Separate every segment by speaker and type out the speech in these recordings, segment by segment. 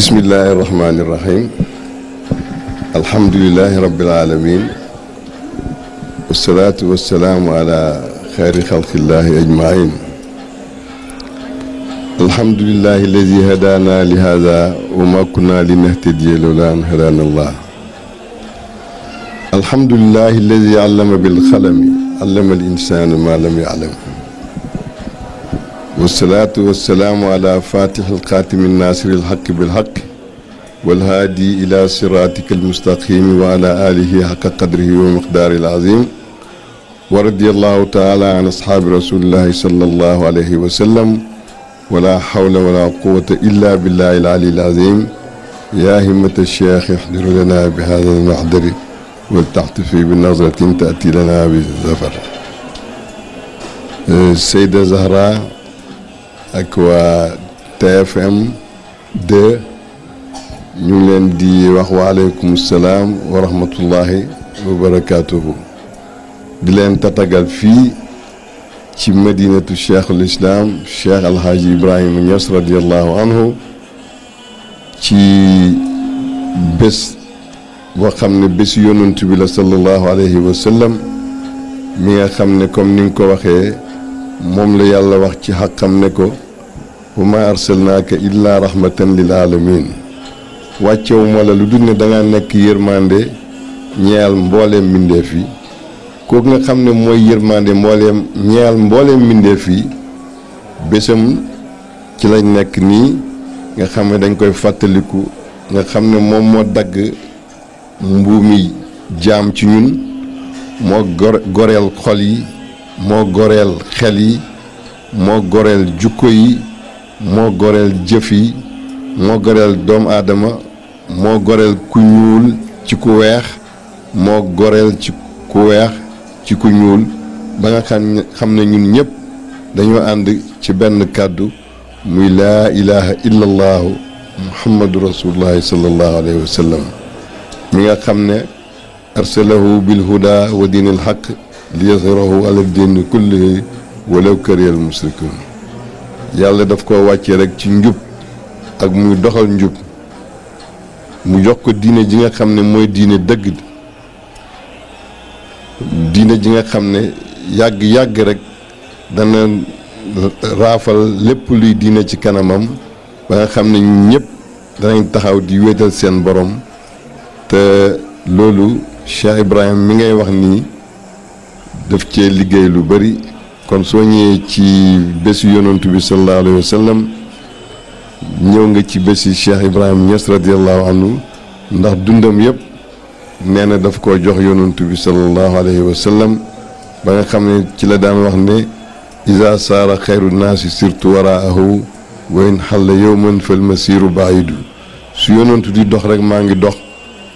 Speaker 1: بسم الله الرحمن الرحيم الحمد لله رب العالمين والصلاة والسلام على خير خلق الله أجمعين الحمد لله الذي هدانا لهذا وما كنا لنهتدي لولا أن هدانا الله الحمد لله الذي علم بالقلم علم الإنسان ما لم يعلم والصلاة والسلام على فاتح الخاتم الناصر الحق بالحق والهادي إلى صراطك المستقيم وعلى آله حق قدره ومقداره العظيم ورضي الله تعالى عن أصحاب رسول الله صلى الله عليه وسلم ولا حول ولا قوة إلا بالله العلي العظيم يا همة الشيخ احضر لنا بهذا المحضر والتحتفي بنظرة تأتي لنا بالزفر السيدة أه، زهراء ak wa TFM 2 ñu leen di wax waaleykum salaam wa rahmatullahi wa barakaatuhu di leen tatagal fii ci madinatu cheikhul islam cheikh alhaaji ibrahima Niass radiallahu anhu ci bés boo xam ne bés yonent bi la alayhi wa sallam mi nga xam ne comme ni nga ko waxee moom la yàlla wax ci xàqam ne ko bu ma arsalnaaka illaa rahmatan lil alamin wàccewu ma la lu dul ne danga nekk yërmande ñeyal mbooleem mbindeef yi kooku mbooleem ñeyal mbooleem mbindeef yi bésam ci lañ nekk nii nga xam ne dañ koy fàttaliku nga xam ne moom moo dagg mbuumi jaam ci ñun moo goreel xol yi mo gorel xel yi mo gorel jukko yi mo gorel jëf yi mo gorel doomu aadama mo gorel ku ñuul ci ku weex mo gorel ci ku weex ci ku ñuul ba nga xam ne ñun ñëpp dañoo ànd ci benn kàddu muy la ilaha illa allah muhammadu rasulullahi sallallahu alayhi wa sallam mi nga xam ne arsalahu bilhuda wa dinil haq liyasrahu ala diini walla kër kariyal musrikun yàlla daf ko wàcce rek ci njub ak muy doxal njub mu jox ko diine ji nga xam ne mooy diine dëgg diine ji nga xam ne yàgg-yàgg rek dana raafal lépp luy diine ci kanamam ba nga xam ne ñépp danañ taxaw di wéetal seen boroom te loolu Cheikh Ibrahim mi ngay wax nii def cee liggéey lu bari kon soo ñëwee ci bés yonantu bi sallallahu alayhi wa sallam ñëw nga ci bési Cheikh Ibrahim Niass radiallahu anhu ndax dundam yëpp nee na daf ko jox yonantu bi sallallahu alayhi wa sallam ba nga xam ne ci la daan wax ne isa saara xayru naasi surtout waraahu wayn xalla ma fal masiru baidu su yonantu di dox rek maa ngi dox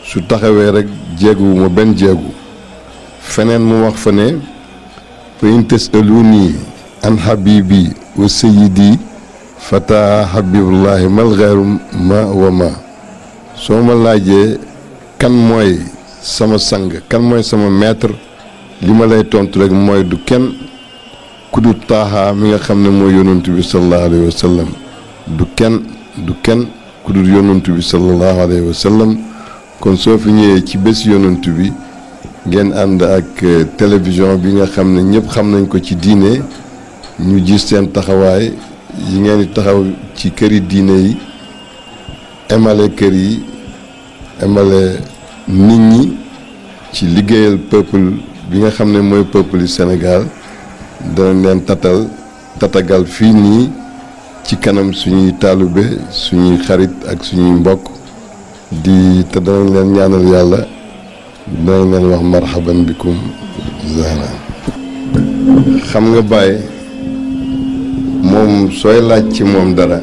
Speaker 1: su taxawee rek jéeguwuma benn jéegu feneen mu wax fa ne fa in tasaluni an habibi wa sayidi fata habibullahi mal ma wa ma soo ma laajee kan mooy sama sang kan mooy sama maître li ma lay tontu rek mooy du kenn ku du taaxaa mi nga xam ne mooy yonantu bi sallallahu alayhi wa du kenn du ku dul yonantu bi sallallahu alayhi wa kon soo fi ñëwee ci bés yonantu bi ngeen ànd ak euh, télévision bi nga xam ne ñëpp xam nañ ko ci diine ñu gis seen taxawaay yi ngeen taxaw ci këri diine yi emale kër yi emale nit ñi ci liggéeyal peuple bi nga xam ne mooy peuple yu Sénégal danañ leen tatal tatagal fii nii ci kanam suñuy taalube suñuy xarit ak suñuy mbokk di te danañ leen ñaanal yàlla danañ leen wax marhaban bikum xam nga Baye moom sooy laaj ci moom dara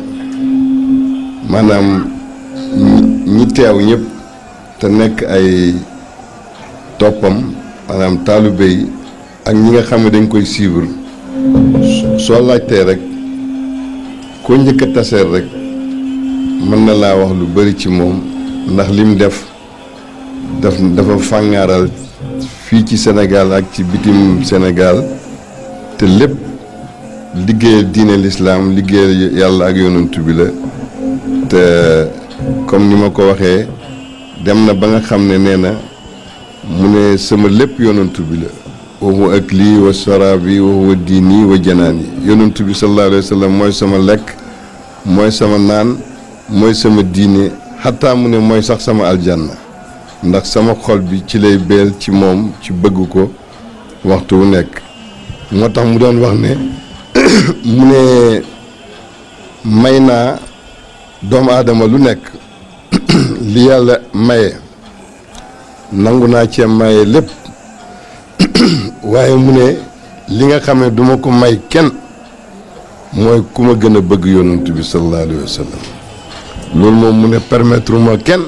Speaker 1: maanaam ñi teew ñépp te nekk ay toppam maanaam taalibe yi ak ñi nga xam dañ koy suivre soo laajtee rek koo njëkk a taseel rek mën na laa wax lu bari ci moom ndax lim def daf dafa fàngaaral fii ci senegaal ak ci bitim senegaal te lépp liggéeyal diine lislaam liggéeyal yàlla ak yonent bi la te comme ni ma ko waxee dem na ba nga xam ne nee na mu ne sama lépp yonent bi la wa huwa akli wa sarabi wa diini wa janaani yonent bi sallallahu alayhi wa sallam mooy sama lekk mooy sama naan mooy sama diine xataa mu ne mooy sax sama aljanna ndax sama xol bi ci lay beel ci moom ci bëgg ko waxtu wu nekk moo tax mu doon wax ne mu ne may naa doomu aadama lu nekk li yàlla maye nangu naa cee maye lépp waaye mu ne li nga xam ne duma ko may kenn mooy ku ma gën a bëgg yonent bi sallallahu wa sallam loolu moom mu ne permettre kenn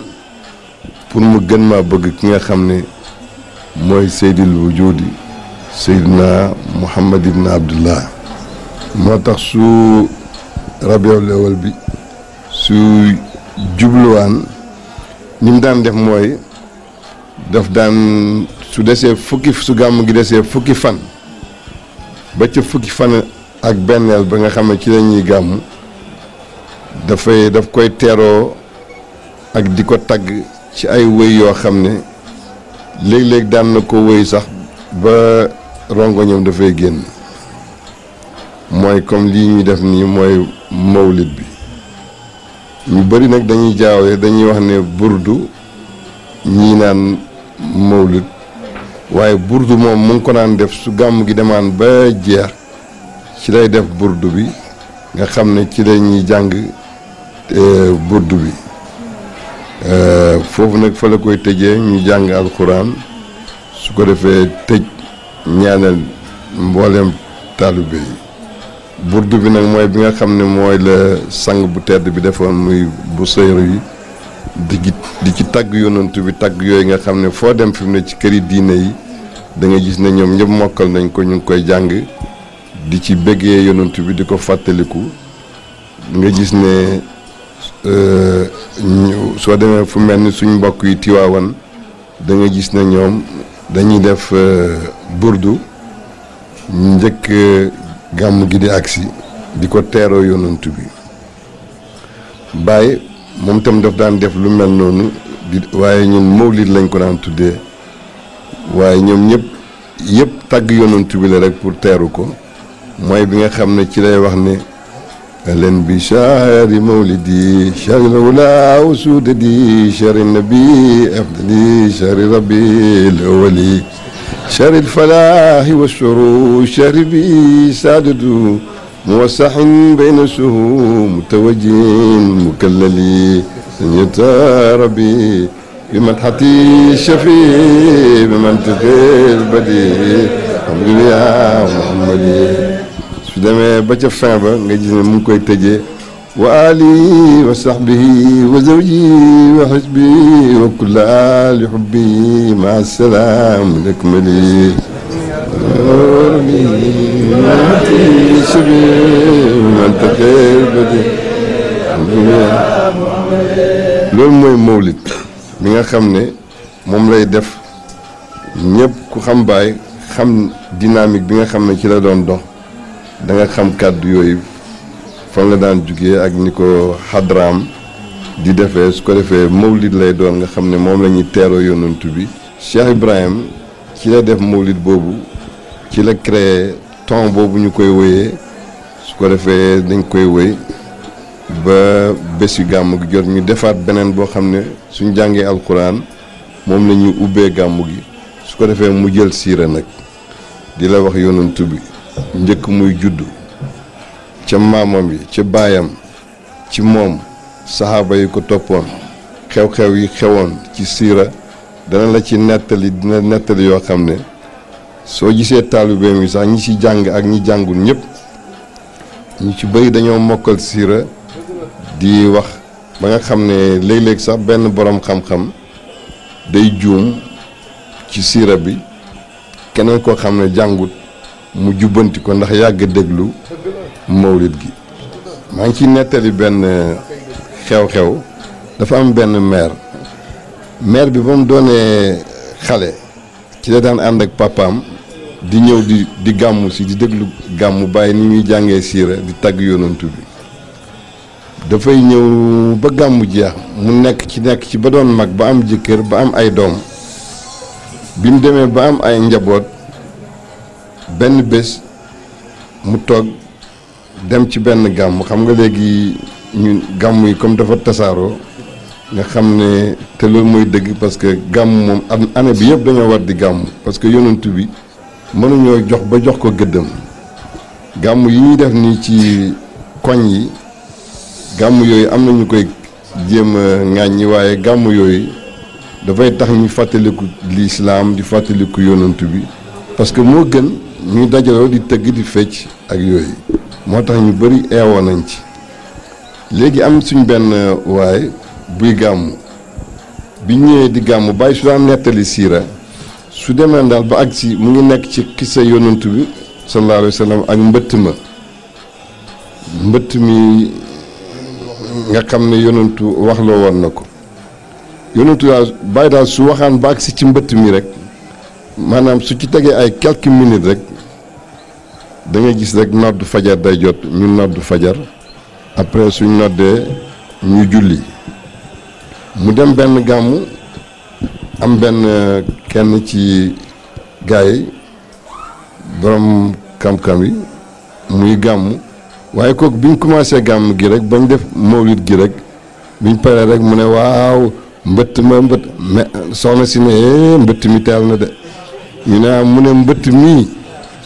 Speaker 1: pour mu gën maa bëgg ki nga xam ne mooy seydil wujudi seydina muhammad ibn abdullah moo tax su rabiul awal bi su jubluwaan ni mu daan def mooy daf daan su desee fukki su gàmm gi desee fukki fan ba ca fukki fan ak benneel ba nga xam ne ci lañuy ñuy gàmm dafay daf koy teeroo ak di ko tagg ci ay wëy yoo xam ne léeg-léeg daan na ko wëy sax ba rongoñam dafay génn mooy comme lii ñuy def nii mooy mawlid bi ñu bari nag dañuy jaawle dañuy wax ne burdu ñii naan mawlid waaye burdu moom mu ngi ko naan def su gàmm gi demaan ba jeex ci lay def burdu bi nga xam ne ci la ñuy jàng eh, burdu bi Euh, foofu nag fa la koy tëjee ñu jàng alxuraan su ko defee tëj ñaanal mbooleem taalibe yi burdu bi nag mooy bi nga xam ne mooy la sang bu tedd bi defoon muy bu sëyru yi di di ci tàgg yonantu bi tàgg yooyu nga xam ne foo dem fi mu ne ci këri diine yi da nga gis ne ñoom ñëpp mokkal nañ ko ñu ngi koy jàng di ci bëggee yonantu bi di ko fàttaliku nga gis ne Euh, ñu soo demee fu mel ni suñ mbokk yi Tiwaawan danga gis na ñoom dañuy def euh, burdu njëkk euh, gàmm gi di agsi di ko teeroo yonantu bi Baye moom itam daf daan def lu mel noonu waaye ñun mawlid lañ ko daan tuddee waaye ñoom ñëpp yëpp tàgg yonantu bi la rek pour teeru ko mooy bi nga xam ne ci lay wax ne أهلا بشهر مولدي شهر الأولى وسوددي شهر النبي أفضلي شهر ربي الأولي شهر الفلاح والشروش شهر بي سادد موسح بين السهوم متوجين مكللي سنية ربي حتي شفي بمنطقي البديع حمد يا محمدي su deme ba ca fin ba nga gis ne mu ngi koy tëjee wa ali wa sahbihi wa zawji wa hasbi wa kulla ali hubbi ma salaam lakmali loolu mooy mawlid mi nga xam ne moom lay def ñëpp ku xam baay xam dynamique bi nga xam ne ci la doon dox da nga xam kaddu yooyu fa nga daan jugee ak ni ko xadraam di defee su ko defee mawlid lay doon nga xam ne moom la ñuy yonantu bi cheikh ibrahim ci la def mawlid Bobu, ci la créé ton boobu ñu koy woyee su ko defee dañ koy woy ba bés yu gàmm gi jot ñu defaat beneen boo xam ne suñ jàngee alquran moom la ñuy ubbee gàmm gi su ko defee mu jël siira nag di la wax yonantu bi njëkk muy juddu ca maamam yi ca baayam ci moom saxaaba yi ko toppoon xew-xew yi xewoon ci siira dana la ci nettali dina nettali yoo xam ne soo gisee taalibeem yi sax ñi ci jàng ak ñi jàngul ñépp ñu ci bëri dañoo mokkal siira di wax ba nga xam ne léeg-léeg sax benn boroom xam-xam day juum ci siira bi keneen koo xam ne jàngut mu jubbanti ko ndax yàgg déglu mawlit gi maa ngi ci nettali benn xew-xew dafa am benn maire maire bi ba mu doonee xale ci la daan ànd ak papaam di ñëw di di gàmmu si di déglu gàmmu bàyyi ni ñuy jàngee siira di tagg yonantu bi dafay ñëw ba gàmmu jeex mu nekk ci nekk ci ba doon mag ba am jëkkër ba am ay doom bi mu demee ba am ay njaboot benn bés mu toog dem ci benn gàmm xam nga léegi ñun gàmm yi comme dafa tasaaroo nga xam ne te loolu mooy dëgg parce que gàmm moom année bi yëpp dañoo war di gàmm parce que yonent bi mënuñoo jox ba jox ko gëddam gàmm yi ñuy def nii ci koñ yi gàmm yooyu am na ñu koy jéem a ŋàññi waaye gàmm yooyu dafay tax ñu fàttaliku lislaam di fàttaliku yonent bi parce moo gën ñu dajaloo di tëgg di fecc ak yooyu moo tax ñu bëri eewoo nañ ci léegi am suñ benn euh, waay buy gàmm bi ñëwee di gàmm bàyyi su daan nettali siira su demee daal ba ak si mu ngi nekk ci xisa yonantu bi sallallahu alayhi wa sallam ak mbëtt ma mbëtt mi nga xam ne yonantu waxloo woon na ko yonantu daal bàyyi daal su waxaan ba agsi ci mbëtt mi rek maanaam su ci tegee ay quelques minutes rek da gis rek noddu fajar day jot ñu noddu fajar après suñ noddee ñu julli mu dem benn gàmmu am benn eh, kenn ci gaa yi borom kam-kam yi muy gàmm waaye kooku biñ commencé gàmm gi rek bañ def mawlid gi rek biñ paree rek mu ne waaw mbëtt ma mbëtt mais soxna si ne eh, mbëtt mi teel na de ñu ne ah, mu ne mbëtt mii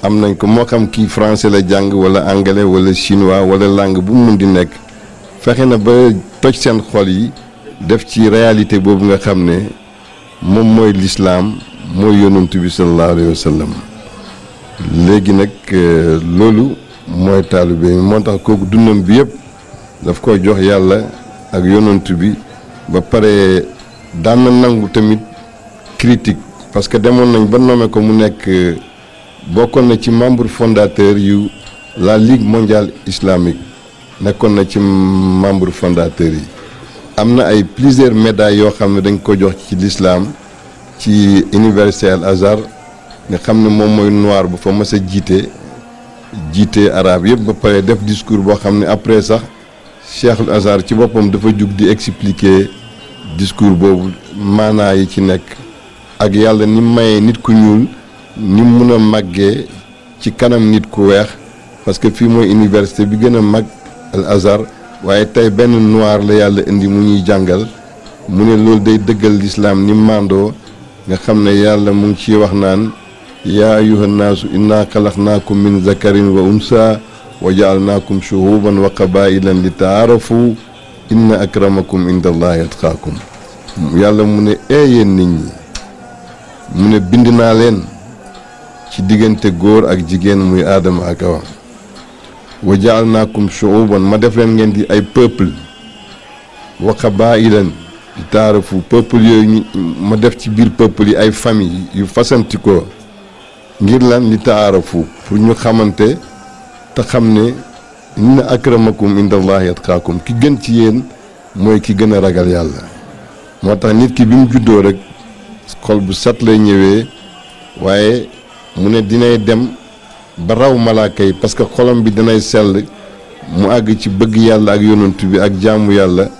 Speaker 1: am nañ ko moo xam kii français la jàng wala anglais wala chinois wala langue bu mu mun di nekk fexe na ba toj seen xol yi def ci réalité boobu nga xam ne moom mooy lislaam mooy yonantu bi sallallahu léegi nag euh, loolu mooy taalibe bi moo tax kooku dundam bi yëpp daf ko jox yàlla ak yonantu bi ba pare daan na nangu tamit critique parce que demoon nañ ba nommé ko mu nekk bokon na ci membre fondateur yu la ligue mondiale islamique nekon na ci membre fondateur yi amna ay plusieurs médailles yo xam d'un dañ ko jox ci l'islam ci universel. Al nga xam mom moy noir bu fa mës a jité arabe yeb ba paré def discours bo xam après sax Cheikhul Azhar ci boppam dafa jug di expliquer discours bobu mana yi ci nek ak yalla ni maye nit ku ñuul ni mun a màggee ci kanam nit ku weex parce que fii mooy université bi gën a mag al waaye tey benn noir la yàlla indi mu ñuy jàngal mu ne loolu day dëggal lislaam ni màndoo nga xam ne yàlla mu ngi ciy wax naan yaa ayuha naasu inna xalaqnaakum min zakarin wa unsa wa jaalnaakum shuhuban wa qabailan li taarafu inna akramakum inda allahi atqaakum yàlla mu ne ee nit ñi mu ne bind naa leen ci diggante góor ak jigéen muy aadama ak awa naa jaalnaakum shuuban ma def leen ngeen di ay peuple wa qabaa'ilan di taarafu peuple yooyu ma def ci biir peuple yi ay famille yu fasantikoo ngir lan li taarafu pour ñu xamante te xam ne inna akramakum indallahi atqaakum ki gën ci yéen mooy ki gën a ragal yàlla moo tax nit ki bi mu juddoo rek xol bu set lay ñëwee waaye mu ne dinay dem ba raw malaaka yi parce que xolam bi dinay sell mu àgg ci bëgg yàlla ak yonent bi ak jaamu yàlla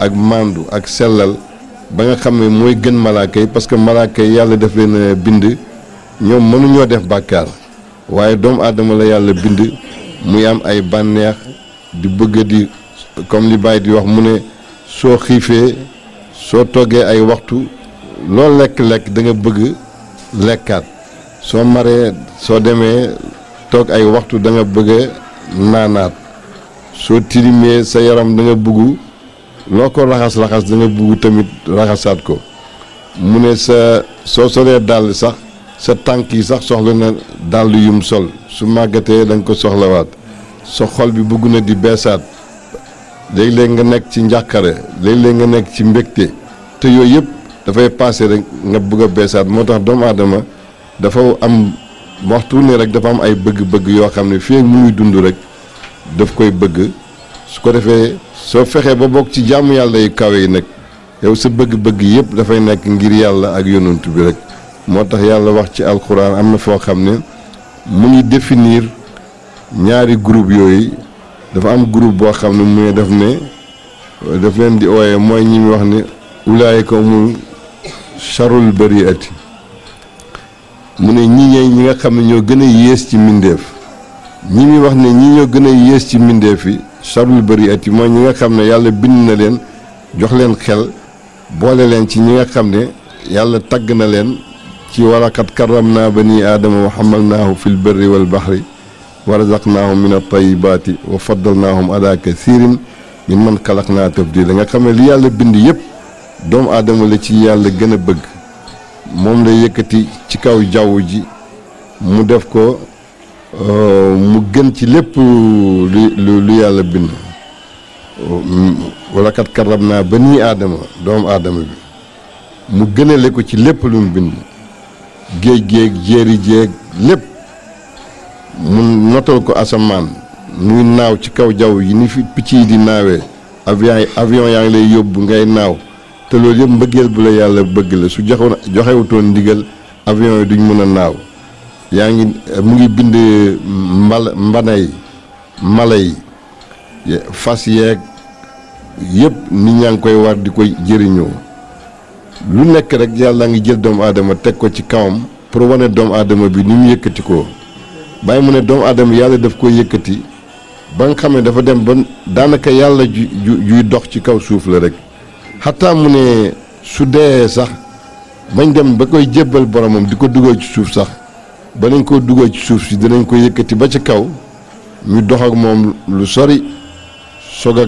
Speaker 1: ak màndu ak sellal ba nga xam ne mooy gën malaaka yi parce que malaaka yi yàlla def leen bind ñoom mënuñoo def bàkkaar waaye doomu aadama la yàlla bind muy am ay bànneex di bëgg di comme li Baye di wax mu ne soo xiifee soo toggee ay waxtu loo lekk-lekk danga bëgg lekkaat so maré so démé tok ay waxtu da nga bëgg nanat so soo sa yaram da nga bëggu loko raxas-raxas da nga bëggu tamit raxasat ko mune sa so solee dal sax sa tanki sax soxla na dal yum sol su magaté da nga ko wat so xol bi bëggu na di beesaat day léeg nga nek ci njàqare day léeg nga nek ci mbégte te yépp da fay passé rek nga bëgg a motax doom dafa am waxtu ne rek dafa am ay bëgg-bëgg yoo xam ne fii mu ngi dund rek daf koy bëgg su ko defee soo fexee ba bokk ci jàmm yàlla yu kawe yi nag yow sa bëgg-bëgg yëpp dafay nekk ngir yàlla ak yonent bi rek moo tax yàlla wax ci alxuraan am na foo xam ne mu ngi definiir ñaari groupe yooyu dafa am groupe boo xam ne mu def ne daf leen di ooye mooy ñi muy wax ne ulaayika umul charul bariati mu ne ñi ñi nga xam ne ñoo gën a yées ci mbindeef ñi muy wax ne ñi ñoo gën a yées ci mbindeef yi sarul bëri at yi mooy ñi nga xam ne yàlla bind na leen jox leen xel boole leen ci ñi nga xam ne yàlla tàgg na leen ci walaxat karam naa bani aadama wa xamal naahu fi lbërri walbaxri wa razaqnaahum min altayibaati wa faddalnaahum ala kasirin min man xalaq naa tafdila nga xam ne li yàlla bind yëpp doomu aadama la ci yàlla gën a bëgg moom lay yëkkati ci kaw jaww ji mu def ko euh, mu gën ci lépp lu lu yàlla bind wala kat karab naa ba nii aadama doomu aadama bi mu gënale ko ci lépp lu mu bind géej géej jéeri jéeg lépp mu notal ko asamaan muy naaw ci kaw jaww yi ni fi picc yi di naawee avion avion yaa ngi lay yóbbu ngay naaw te loolu yëpp mbëggeel bu la yàlla bëgg la su joxoon joxewutoon ndigal avion yi duñu mën a naaw yaa ngi mu ngi bind mbal mbanay mala yi fas yeeg yëpp nit ñaa ngi koy war di koy jëriñoo lu nekk rek yàlla ngi jël doomu aadama teg ko ci kawam pour wane doomu aadama bi ni mu yëkkati ko bàyyi mu ne doomu aadama yàlla daf koy yëkkati ba nga xam ne dafa dem ba daanaka yàlla ju juy dox ci kaw suuf la rek Hatta mune ne su deeyee sax bañ dem ba koy jébbal boromam di ko dugal ci suuf sax ba nañ ko dugal ci suuf si dinañ ko yëkkati ba ci kaw ñu dox ak moom lu sori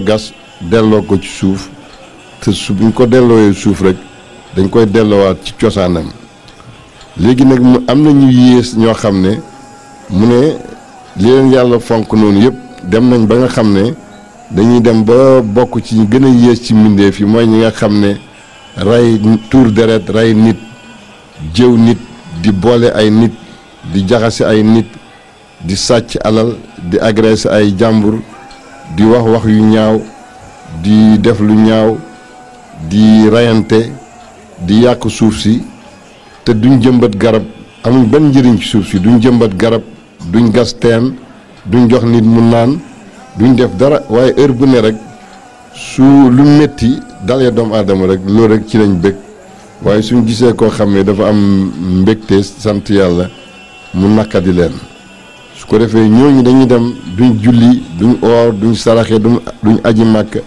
Speaker 1: gas delloo ko ci suuf te su buñ ko dellooyee suuf rek dañ koy delloowaat ci cosaanam léegi nag mu am na ñu yées ñoo xam ne mu ne li leen yàlla fonk noonu yëpp dem nañ ba nga xam dañuy dem ba bokk ci ñu gën a yées ci mbindeef yi mooy ñi nga xam ne rey tuur deret ray nit jëw nit di boole ay nit di jaxase ay nit di sàcc alal di agressé ay jàmbur di wax wax yu ñaaw di def lu ñaaw di rayante di yàq suuf si te duñ jëmbat garab amuñ benn njëriñ ci suuf si duñ jëmbat garab duñ gas teen duñ jox nit mu naan duñ def dara waaye heure bu ne rek su lu métti dalee doomu aadama rek loolu rek ci lañ bég waaye suñ gisee koo xam ne dafa am mbégte sant yàlla mu naqadi leen su ko defee ñooñu dañuy dem duñ julli duñ oor duñ saraxe duñ aji màkk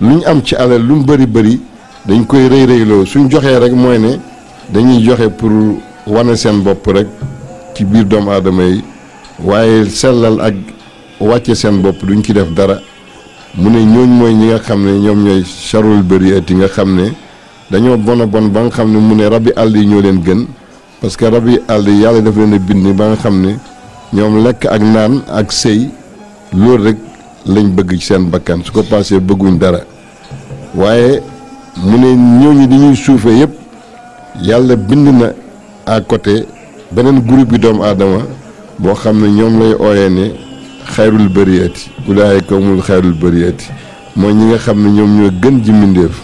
Speaker 1: luñ am ci alal lu mu bëri bëri dañ koy rëy rëyloo suñ joxee rek mooy ne dañuy joxe pour wane seen bopp rek ci biir doomu aadama yi waaye sellal ak wàcce seen bopp duñu ci def dara mu ne ñooñ mooy ñi nga xam ne ñoom ñooy charul bariat yi nga xam ne dañoo bon a bon ba nga xam ne mu ne rab rabi àll yi ñoo leen gën parce que yi àll yi yàlla dafa leen a bind ba nga xam ne ñoom lekk ak naan ak sëy loolu rek lañ bëgg ci seen bakkan su ko paasee bëgguñ dara waaye mu ne ñooñu di ñuy suufe yépp yàlla bind na à côté beneen groupe bi doomu aadama boo xam ne ñoom lay ooyee ne xayrul bariyati ulaayika humul xayrul bariyati mooy ñi nga xam ne ñoom ñoo gën ji mbindéef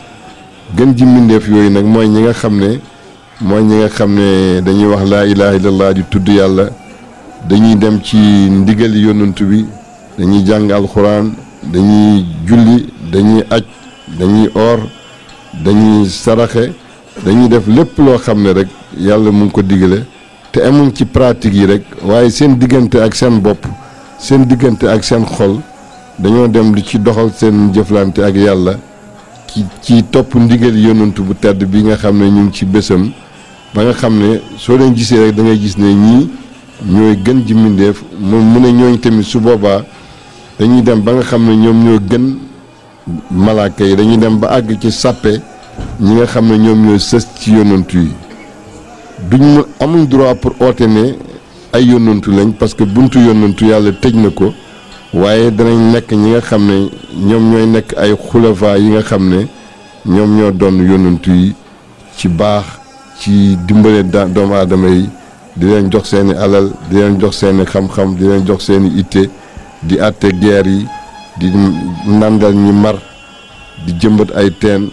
Speaker 1: gën ji mbindéef yooyu nag mooy ñi nga xam ne mooy ñi nga xam ne dañuy wax laa ilaha illallah di tudd yàlla dañuy dem ci ndigal yonant bi dañuy jàng alxuraan dañuy julli dañuy aj dañuy oor dañuy saraxe dañuy def lépp loo xam ne rek yàlla mu ngi ko digale te amuñ ci pratique yi rek waaye seen diggante ak seen bopp seen diggante ak seen xol dañoo dem di ci doxal seen jëflante ak yàlla ci ci topp ndigal yonantu bu tedd bi nga xam ne ñu ngi ci bésam ba nga xam ne soo leen gisee rek dangay gis ne ñii ñooy gën ji mbindeef moom mu ne ñooñ tamit su boobaa dañuy dem ba nga xam ne ñoom ñoo gën malaaka yi dañuy dem ba àgg ci sàppe ñi nga xam ne ñoom ñooy sës ci yonantu yi duñ mu amuñ droit pour oote ne ay yónnantu lañ parce que buntu yónnantu yàlla tëj na ko waaye danañ nekk ñi nga xam ne ñoom ñooy nekk ay xulafa yi nga xam ne ñoom ñoo doon yónnantu yi ci baax ci dimbale doomu aadama yi di leen jox seeni alal di leen jox seeni xam-xam di leen jox seeni itte di àtte guerre yi di nandal ñi mar di jëmbat ay teen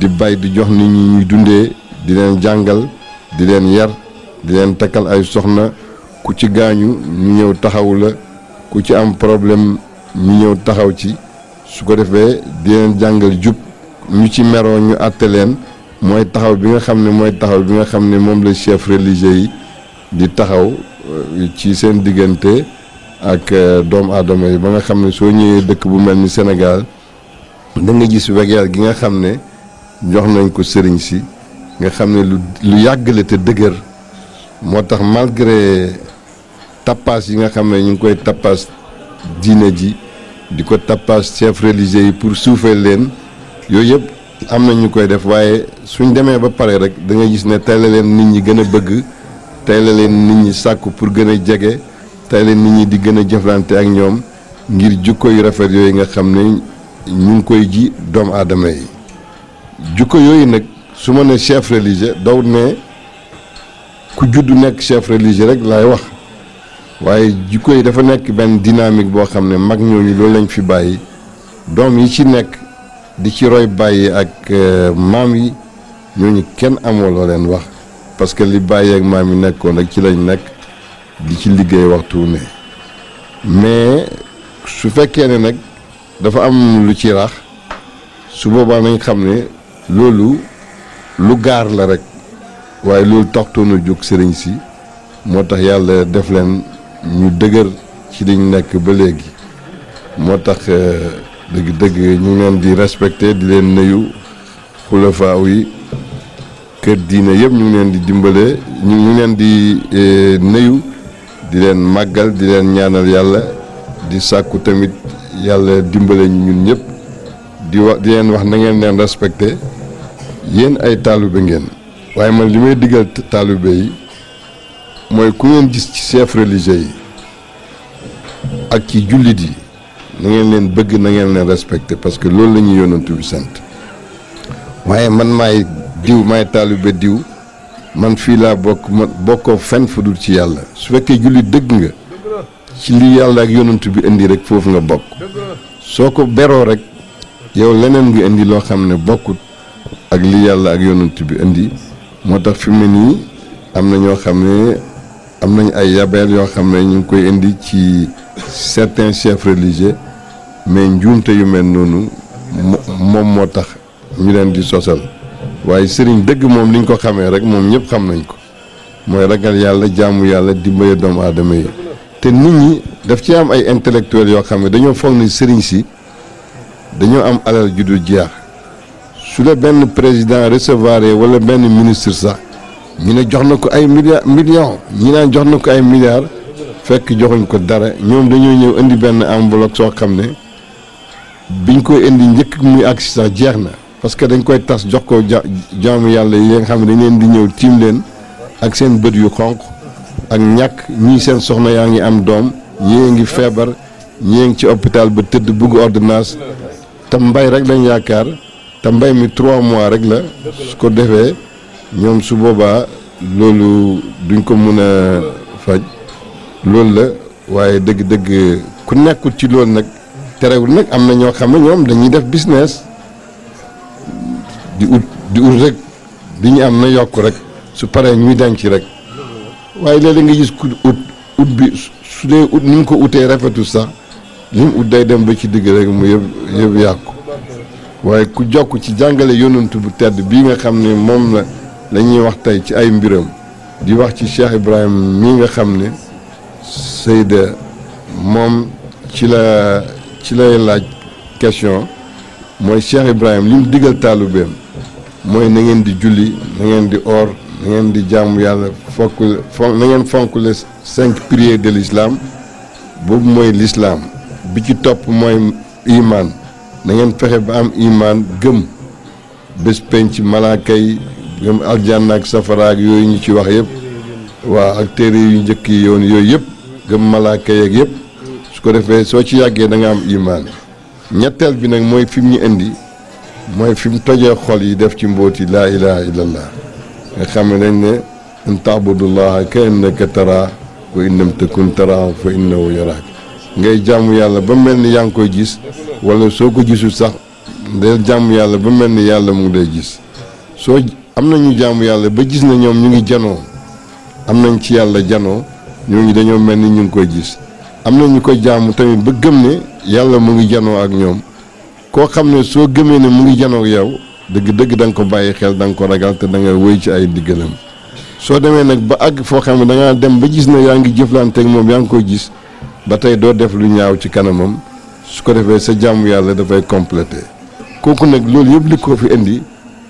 Speaker 1: di bay di jox nit ñi ñuy dundee di leen jàngal di leen yar di leen takkal ay soxna ku ci gaañu ñu ñëw taxawu la ku ci am problème ñu ñëw taxaw ci su ko defee di leen jàngal jub ñu ci meroo ñu àtte leen mooy taxaw bi nga xam ne mooy taxaw bi nga xam ne moom la chef religieux yi di taxaw euh, ci seen diggante ak euh, doomu aadama yi ba nga xam ne soo ñëwee dëkk bu mel ni Sénégal da nga gis wegeel gi nga xam ne jox nañ ko sëriñ si nga xam ne lu lu yàggale te dëgër moo tax malgré tappaas yi nga xam ne ñu ngi koy tappaas diine ji di ko tappaas chef religieux yi pour suufeel leen yooyu yëpp am na ñu koy def waaye suñ demee ba pare rek da nga gis ne tey la leen nit ñi gën a bëgg tey la leen nit ñi sàkku pour gën a jege tey la nit ñi di gën a jëflante ak ñoom ngir jukko yu rafet yooyu nga xam ne ñu ngi koy ji doomu aadama yi jukko yooyu nag su ma ne chef religieux daw ne ku juddu nekk chef religieux rek laay wax waaye jikko yi dafa nekk benn dynamique boo xam ne mag ñooñu loolu lañ fi bàyyi doom yi ci nekk di ci roy bàyyi ak euh, maam yi ñooñu kenn amoo loo leen wax parce que li bàyyi ak maam yi nekkoon rek ci lañ nekk di ci liggéey waxtu ne mais su fekkee ne nag dafa am lu ci rax su boobaa nañ xam ne loolu lu gaar la rek waaye loolu taxtoon a jóg sëriñ si moo tax yàlla def leen ñu dëgër ci liñ nekk ba léegi moo tax dëgg-dëgg euh, ñu ngi di respecté di leen nuyu xulafaaw yi kër diine yëpp ñu ngi leen di dimbale ñu ngi leen di euh, nayu di leen màggal di leen ñaanal yàlla di sàkku tamit yàlla dimbale ñu ñun ñëpp di wax di leen wax na ngeen leen respecté yéen ay taalibe ngeen waaye man li may digal taalibe yi mooy ku ngeen gis ci chef religieux yi ak ci jullit yi na ngeen leen bëgg na ngeen leen respecté parce que loolu la ñuy yonantu bi sant waaye man maay diw maay taalibe diw man fii laa bokk ma bokkoo fenn ci yàlla su fekkee jullit dëgg nga ci li yàlla ak yonantu bi indi rek foofu nga bokk soo ko beroo rek yow leneen nga indi loo xam ne bokkut ak li yàlla ak yonantu bi indi moo tax fi mu ne am na ñoo xam ne am nañu ay yabeel yoo xam ne ñu ngi koy indi ci certains chefs religieux mais njuumte yu mel noonu moom moo tax ñu leen di sosal waaye sëriñ dëgg moom liñ ko xamee rek moom ñëpp xam nañ ko mooy ragal yàlla jaamu yàlla dimbale doomu aadama yi te nit ñi daf ci am ay intellectuels yoo xam ne dañoo foog ni sëriñ si dañoo am alal ju du jeex su la benn président recevoir wala benn ministre sax ñu ne jox na ko ay milliard millions ñi naan na ko ay milliards fekk joxuñ ko dara ñoom dañoo ñëw indi benn enveloppe soo xam ne biñ koy indi njëkk muy agsi sax jeex na parce que dañ koy tas jox ko ja jaamu yàlla yi nga xam ne dañ leen di ñëw tiim leen ak seen bët yu xonq ak ñàkk ñii seen soxna yaa ngi am doom a ngi feebar ñii ngi ci hôpital ba tëdd bugg ordonnance te mbay rek lañ yaakaar te mbay mi trois mois rek la su ko defee. ñoom su boobaa loolu duñ ko mën a faj loolu la waaye dëgg-dëgg ku nekkul ci loolu nag terewul nag am na xam ne dañuy def business di ut di ut rek di ñu am na yokk rek su paree ñuy denc rek waaye léeg nga gis ku ut ut bi su dee ut ni mu ko utee rafetul sax li mu ut day dem ba ci digg rek mu yëpp yëpp yàqu waaye ku jokk ci jàngale yonantu bu tedd bii nga xam ne la la ñuy wax tey ci ay mbiram di wax ci Cheikh Ibrahim mii nga xam ne Seyda moom ci la ci lay laaj question mooy Cheikh Ibrahim li mu digal taalibeem mooy na ngeen di julli na ngeen di or na di jaamu yàlla fokk na ngeen fonk les cinq de lislaam boobu mooy lislaam bi ci topp mooy imaan na ngeen fexe ba am imaan gëm bés penc malaaka yi ñoom aljanna ak safara yooyu ñu ci wax yëpp waaw ak téere yu njëkk yi yoon yooyu yëpp gëm malaaka yeeg yépp su ko defee soo ci yàggee danga am imaan ñetteel bi nag mooy fi ñu indi mooy fi mu tojee xol yi def ci mbóoti laa ilaha illallah nga xam ne dañ ne in taabudullaha ka innaka taraa wa in lam takun fa innahu yaraak ngay jàmm yàlla ba mel ni yaa ngi koy gis wala soo ko gisul sax del jàmm yàlla ba mel ni yàlla mu ngi lay gis am nañu jaamu yàlla ba gis na ñoom ñu ngi janoo am nañ ci yàlla janoo ñooñu dañoo mel ni ñu ngi koy gis am na ñu ko jaamu tamit ba gëm ne yàlla mu ngi janoo ak ñoom koo xam ne soo gëmee ne mu ngi janoo ak yow dëgg dëgg danga ko bàyyi xel da ko ragal te da nga wéy ci ay diggalam soo demee nag ba àgg foo xam ne da dem ba gis na yaa ngi jëflanteeg moom yaa ngi koy gis ba tey doo def lu ñaaw ci kanamam su ko defee sa jaamu yàlla dafay complété kooku nag loolu yëpp li ko fi indi.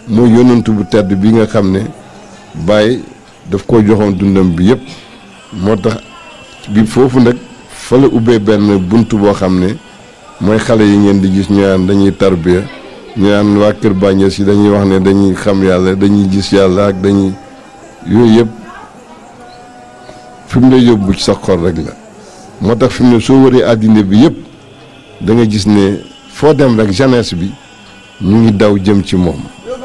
Speaker 1: mooy yonantu bu tedd bi nga xam ne Baye daf ko joxoon dundam bi yëpp moo tax bi foofu nag fa la ubbee benn bunt boo xam ne mooy xale yi ngeen di gis ñu dañuy tarbiya ñu naan waa Kër Bagnès yi dañuy wax ne dañuy xam yàlla dañuy gis yàlla ak dañuy yooyu yëpp fi mu lay yóbbu ci sa xol rek la moo tax fi mu soo waree àddina bi yëpp danga gis ne foo dem rek janees bi ñu ngi daw jëm ci moom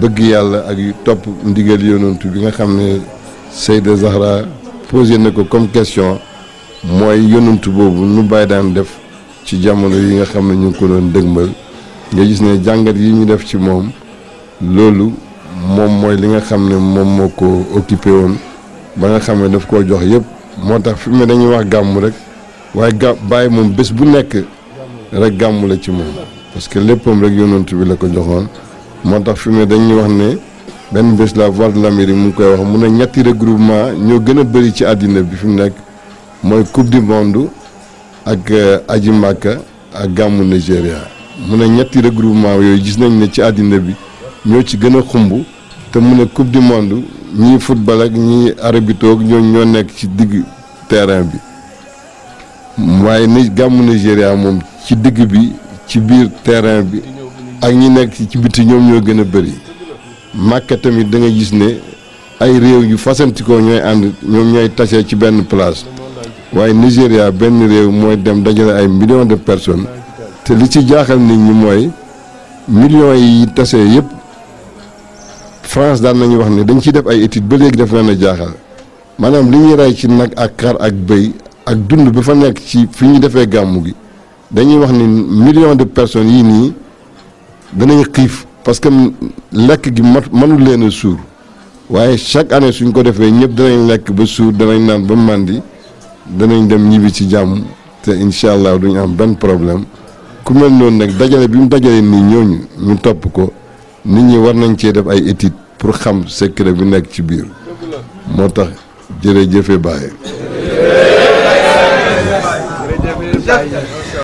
Speaker 1: bëgg yàlla ak topp ndigal yonantu bi nga xam ne Seyda Zahra posé na ko comme question mooy yonantu boobu nu bàyyi daan def ci jamono yi nga xam ne ñu ko doon dëgmal nga gis ne jàngat yi ñu def ci moom loolu moom mooy li nga xam ne moom moo ko occupé woon ba nga xam ne daf koo jox yëpp moo tax fi mu dañuy wax gàmm rek waaye gà bàyyi moom bés bu nekk rek gàmmu la ci moom parce que léppam rek yonantu bi la ko joxoon moo tax fi mu ne dañuy wax ne benn bés la voix l'Amérique mu ngi koy wax mu ne ñetti regroupement ñoo gën a bëri ci àddina bi fi mu nekk mooy coupe du monde ak euh, aji Màkka ak gàmmu Nigéria mu ne ñetti regroupement yooyu gis nañ ne ci àddina bi ñoo ci gën a xumb te mu ne coupe du monde ñii football ak ñii arabitoog ñoo ñoo nekk ci digg terrain bi waaye ni gàmmu Nigéria moom ci digg bi ci biir terrain bi ak ñi nekk ci biti ñoom ñoo gën a bëri màkka tamit da nga gis ne ay réew yu fasantikoo ñooy ànd ñoom ñooy tase ci benn place waaye Nigéria benn réew mooy dem dajale ay millions de personnes te li ci jaaxal nit ñi mooy millions yi tase yëpp France daan nañu wax ne dañ ciy def ay études ba léegi def leen a jaaxal maanaam li ñuy rey ci nag ak xar ak bëy ak dund ba fa nekk ci fi ñu defee gàmmu gi dañuy wax ni millions de personnes yii nii. danañ xiif parce que lekk gi mat mënul leen a suur waaye chaque année suñ ko defee ñëpp danañ lekk ba suur danañ naan ba màndi danañ dem ñibbi ci jàmm te incha allah duñu am benn problème ku mel noonu nag dajale bi mu dajale nii ñooñu ñu topp ko nit ñi war nañ cee def ay études pour xam secret bi nekk ci biir moo tax jëfe Baye.